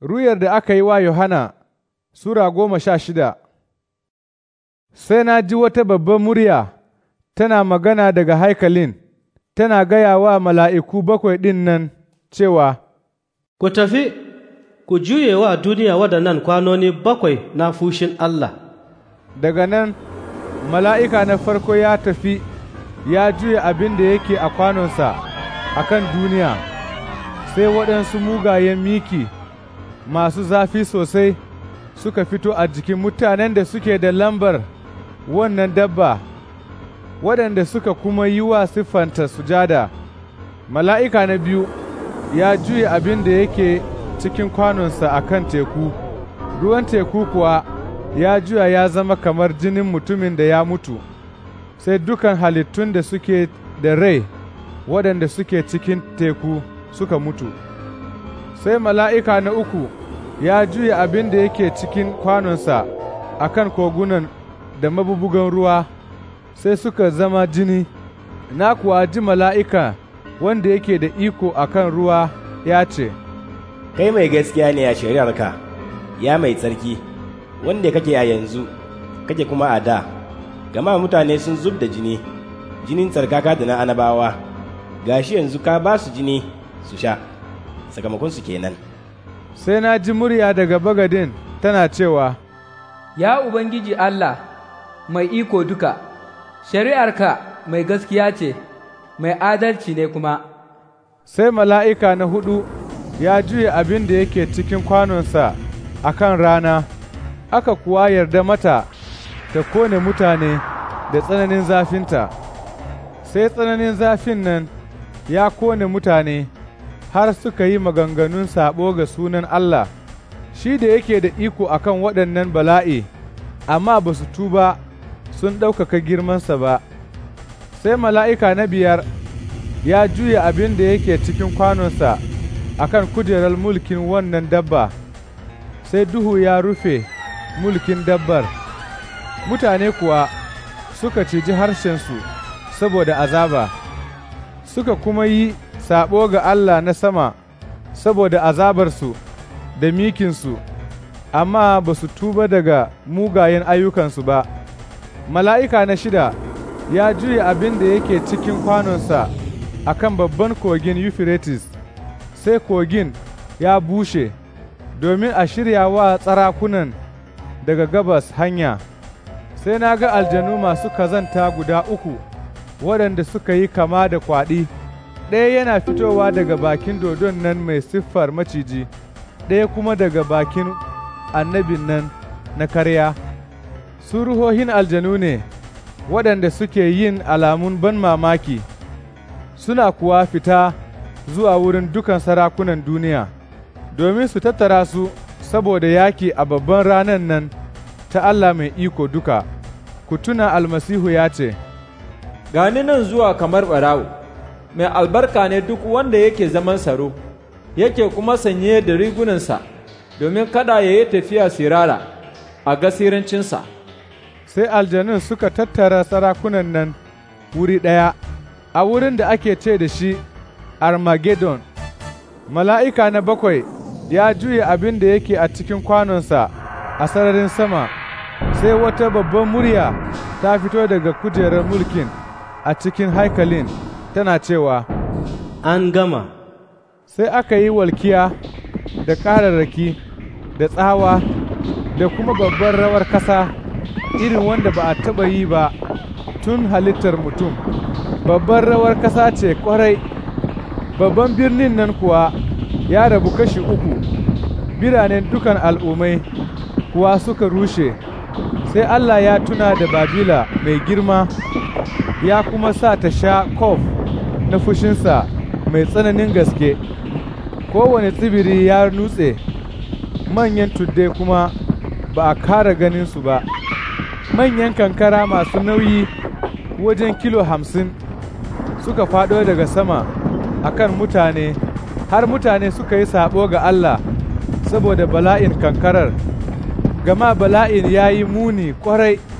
Ruyar da aka yi wa Yohana Sura goma sha shida Sai na ji wata babban murya tana magana daga haikalin, tana gaya wa mala'iku bakwai ɗin nan cewa, Ku tafi, ku juye wa duniya waɗannan kwanoni bakwai na fushin Allah. Daga nan, mala'ika na farko ya tafi ya juya abin da yake a kwanonsa a kan duniya, sai waɗansu mugayen miki masu zafi sosai suka fito a jikin mutanen da suke da lambar wannan dabba waɗanda suka kuma yi wa siffanta sujada mala'ika na biyu ya juye abin da yake cikin kwanonsa a kan teku ruwan teku kuwa ya juya ya zama kamar jinin mutumin da ya mutu sai dukan halittun da suke da rai waɗanda suke cikin teku suka mutu sai mala'ika na uku ya juya abin da yake cikin kwanonsa a kan kogunan da mabubugan ruwa sai suka zama jini, na kuwa ji mala'ika wanda yake da iko a kan ruwa ya ce, Kai mai gaskiya ne a shari'arka, ya mai tsarki, wanda kake a yanzu, kake kuma a da, gama mutane sun zub da jini, jinin tsarkaka da na anabawa, gashi yanzu ka ba su jini su sha. sakamakon kenan sai na ji murya daga bagadin tana cewa ya ubangiji Allah mai iko duka shari'arka mai gaskiya ce mai adalci ne kuma sai mala'ika na hudu ya juye abin da yake cikin kwanonsa a kan rana aka kuwa yarda mata ta kone mutane da tsananin zafinta sai tsananin zafin nan ya kone mutane har suka yi maganganun saɓo ga sunan Allah, shi da yake da iko akan waɗannan bala'i, amma ba su tuba sun ɗaukaka girmansa ba. Sai mala'ika na biyar ya juya abin da yake cikin kwanonsa kan kujerar mulkin wannan dabba, sai duhu ya rufe mulkin dabbar. Mutane kuwa suka ciji harshensu saboda azaba, suka kuma yi saɓo ga Allah na sama saboda azabarsu da mikinsu, amma ba su tuba daga mugayen ayyukansu ba. Mala'ika na shida ya juye abin da yake cikin kwanonsa a kan babban kogin Euphrates, sai kogin ya bushe domin a shirya wa tsarakunan daga gabas hanya. Sai na ga aljanu masu kazanta guda uku waɗanda suka yi kama da kwaɗi. ɗaya yana fitowa daga bakin dodon nan mai siffar maciji ɗaya kuma daga bakin annabin nan na karya su ruhohin aljanu ne waɗanda suke yin alamun ban mamaki suna kuwa fita zuwa wurin dukan sarakunan duniya domin su tattara su saboda yaki a babban ranan nan ta Allah mai iko duka ku tuna almasihu ya ce gani nan zuwa kamar ɓarawo mai albarka ne duk wanda yake zaman tsaro yake kuma sanye da rigunansa, domin kada ya yi tafiya sirara a gasirancinsa. Sai aljanun suka tattara sarakunan nan wuri ɗaya, a wurin da ake ce da shi Armageddon. Mala'ika na bakwai ya juya abin da yake a cikin kwanonsa a sararin sama, sai wata babban murya ta fito daga kujerar mulkin a cikin haikalin. tana cewa, An gama, sai aka yi walkiya da ƙararraki da tsawa da kuma babbar rawar ƙasa irin wanda ba a taɓa yi ba tun halittar mutum. Babbar rawar ƙasa ce ƙwarai, babban birnin nan kuwa ya rabu kashi uku, biranen dukan al'ummai kuwa suka rushe. sai Allah ya tuna da Babila mai girma ya kuma sa ta sha kof na fushinsa mai tsananin gaske kowane tsibiri ya nutse manyan tuddai kuma ba a kara ganinsu ba manyan kankara masu nauyi wajen kilo hamsin suka faɗo daga sama akan mutane har mutane suka yi sabo ga Allah saboda bala'in kankarar gama bala'in ya yi muni kwarai.